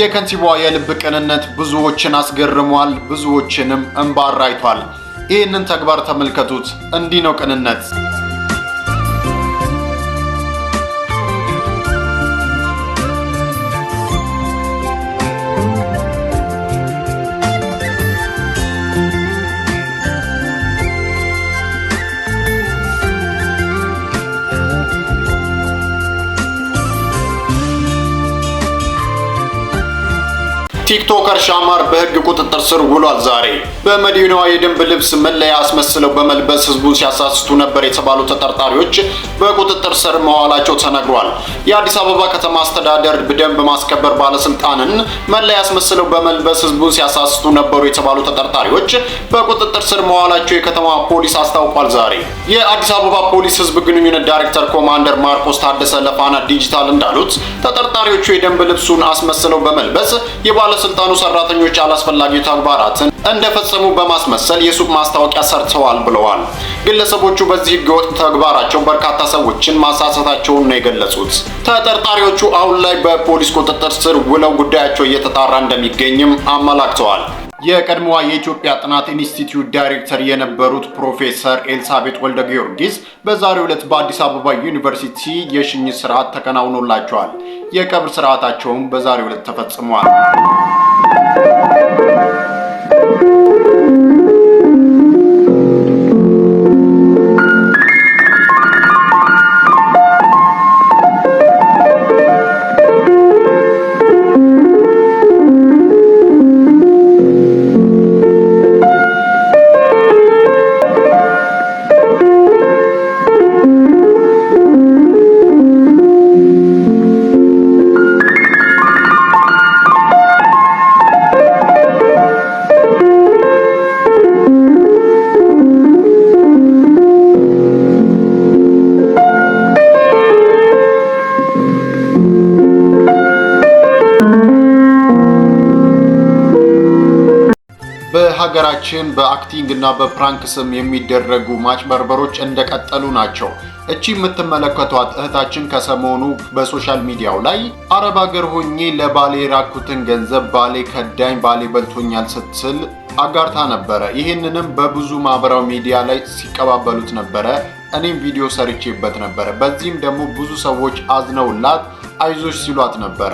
የከንቲባዋ የልብ ቅንነት ብዙዎችን አስገርሟል፣ ብዙዎችንም እምባ ይህንን ተግባር ተመልከቱት። እንዲህ ነው ቅንነት። ቲክቶከር ሻማር በህግ ቁጥጥር ስር ውሏል። ዛሬ በመዲናዋ የደንብ ልብስ መለያ አስመስለው በመልበስ ህዝቡን ሲያሳስቱ ነበር የተባሉ ተጠርጣሪዎች በቁጥጥር ስር መዋላቸው ተነግሯል። የአዲስ አበባ ከተማ አስተዳደር ደንብ ማስከበር ባለስልጣንን መለያ አስመስለው በመልበስ ህዝቡን ሲያሳስቱ ነበሩ የተባሉ ተጠርጣሪዎች በቁጥጥር ስር መዋላቸው የከተማ ፖሊስ አስታውቋል። ዛሬ የአዲስ አበባ ፖሊስ ህዝብ ግንኙነት ዳይሬክተር ኮማንደር ማርቆስ ታደሰ ለፋና ዲጂታል እንዳሉት ተጠርጣሪዎቹ የደንብ ልብሱን አስመስለው በመልበስ የባለ ባለስልጣኑ ሰራተኞች አላስፈላጊ ተግባራትን እንደፈጸሙ በማስመሰል የሱቅ ማስታወቂያ ሰርተዋል ብለዋል። ግለሰቦቹ በዚህ ህገወጥ ተግባራቸው በርካታ ሰዎችን ማሳሰታቸውን ነው የገለጹት። ተጠርጣሪዎቹ አሁን ላይ በፖሊስ ቁጥጥር ስር ውለው ጉዳያቸው እየተጣራ እንደሚገኝም አመላክተዋል። የቀድሞዋ የኢትዮጵያ ጥናት ኢንስቲትዩት ዳይሬክተር የነበሩት ፕሮፌሰር ኤልሳቤጥ ወልደ ጊዮርጊስ በዛሬው ዕለት በአዲስ አበባ ዩኒቨርሲቲ የሽኝት ስርዓት ተከናውኖላቸዋል። የቀብር ስርዓታቸውም በዛሬው ዕለት ተፈጽሟል። በሀገራችን በአክቲንግ እና በፕራንክ ስም የሚደረጉ ማጭበርበሮች እንደቀጠሉ ናቸው። እቺ የምትመለከቷት እህታችን ከሰሞኑ በሶሻል ሚዲያው ላይ አረብ ሀገር ሆኜ ለባሌ የራኩትን ገንዘብ ባሌ ከዳኝ፣ ባሌ በልቶኛል ስትል አጋርታ ነበረ። ይህንንም በብዙ ማህበራዊ ሚዲያ ላይ ሲቀባበሉት ነበረ። እኔም ቪዲዮ ሰርቼበት ነበረ። በዚህም ደግሞ ብዙ ሰዎች አዝነውላት አይዞች ሲሏት ነበረ።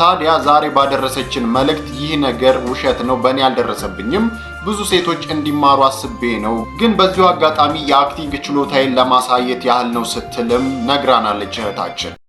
ታዲያ ዛሬ ባደረሰችን መልእክት ይህ ነገር ውሸት ነው፣ በእኔ አልደረሰብኝም፣ ብዙ ሴቶች እንዲማሩ አስቤ ነው፣ ግን በዚሁ አጋጣሚ የአክቲንግ ችሎታዬን ለማሳየት ያህል ነው ስትልም ነግራናለች እህታችን።